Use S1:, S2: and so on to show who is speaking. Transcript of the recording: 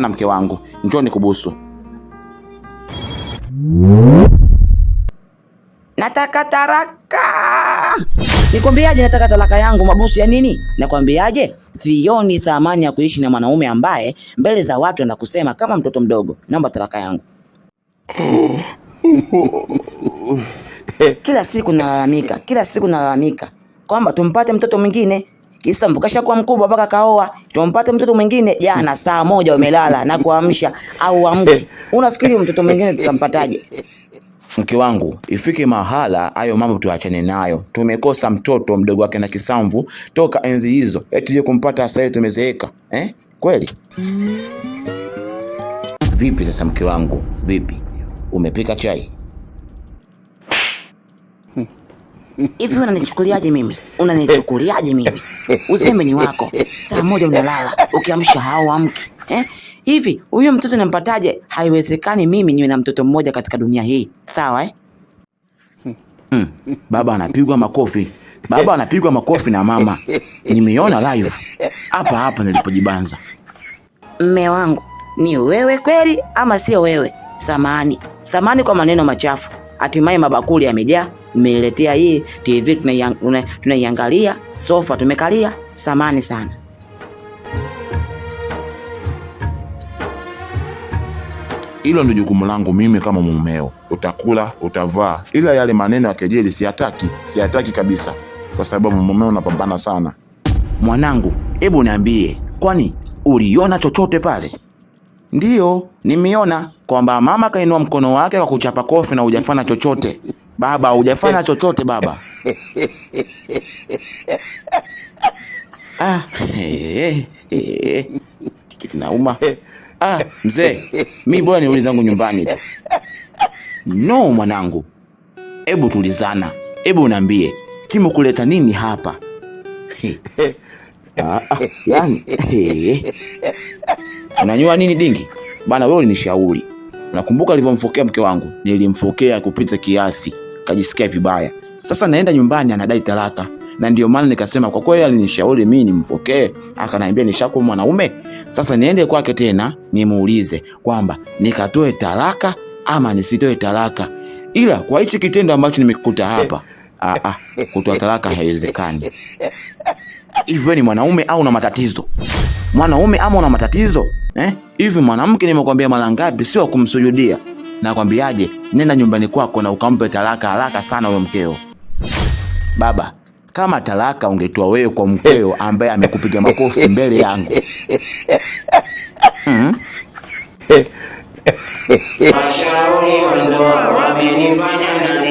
S1: na mke wangu, njoo nikubusu. Nataka taraka. Nikwambiaje nataka talaka yangu mabusu ya nini? Nakwambiaje? Sioni thamani ya kuishi na mwanaume ambaye mbele za watu anakusema kama mtoto mdogo. Naomba talaka yangu. Kila siku nalalamika, kila siku nalalamika kwamba tumpate mtoto mwingine. Kisa mpo shakuwa mkubwa mpaka kaoa, tumpate mtoto mwingine jana saa moja umelala na kuamsha au amke. Unafikiri mtoto mwingine tutampataje?
S2: Mke wangu, ifike mahala hayo mambo tuachane nayo. Tumekosa mtoto mdogo wake na kisamvu toka enzi hizo, eti eh, je kumpata sasa tumezeeka eh? Kweli vipi? Sasa mke wangu, vipi, umepika chai?
S1: Hmm. Hivi unanichukuliaje mimi? Unanichukuliaje mimi? Useme ni wako. Saa moja unalala, ukiamsha amki. Eh? Hivi huyo mtoto nampataje? Haiwezekani mimi niwe na mtoto mmoja katika dunia hii. Sawa eh?
S2: Hmm. Baba anapigwa makofi. Baba anapigwa makofi na mama. Nimeona live hapa hapa nilipojibanza.
S1: Mme wangu, ni wewe kweli ama sio wewe? Samani, samani kwa maneno machafu. Hatimaye mabakuli yamejaa, mmeletea hii TV tunaiangalia, sofa tumekalia, samani sana.
S2: Hilo ndio jukumu langu mimi kama mumeo. Utakula, utavaa, ila yale maneno ya kejeli siyataki, siyataki kabisa, kwa sababu mumeo unapambana sana.
S1: Mwanangu, hebu niambie, kwani uliona chochote pale? Ndiyo, nimeona kwamba mama kainua mkono wake kwa kuchapa kofi na hujafanya chochote baba, hujafanya chochote baba.
S2: Ah, kinauma. Ah, mzee, mi bora nirudi zangu nyumbani tu. No mwanangu, hebu tulizana, hebu unaambie kimekuleta nini hapa? Ah, ah, yani, eh unanyoa nini dingi bana, wewe ulinishauri. Nakumbuka nilivyomfokea mke wangu, nilimfokea kupita kiasi, kajisikia vibaya. Sasa naenda nyumbani, anadai talaka, na ndio maana nikasema kwa kweli alinishauri mimi nimfokee, akaniambia nishakuwa mwanaume. Sasa niende kwake tena nimuulize kwamba nikatoe talaka ama nisitoe talaka, ila kwa hichi kitendo ambacho nimekuta hapa ah ah, kutoa talaka haiwezekani.
S1: Hivyo ni mwanaume au una matatizo? Mwanaume ama una matatizo? eh? Hivi mwanamke nimekwambia mara ngapi sio kumsujudia? Nakwambiaje, nenda nyumbani kwako na ukampe talaka haraka sana huyo mkeo.
S2: Baba, kama talaka ungetoa wewe kwa mkeo ambaye amekupiga makofi mbele yangu mm? Washauri wa ndoa wamenifanya na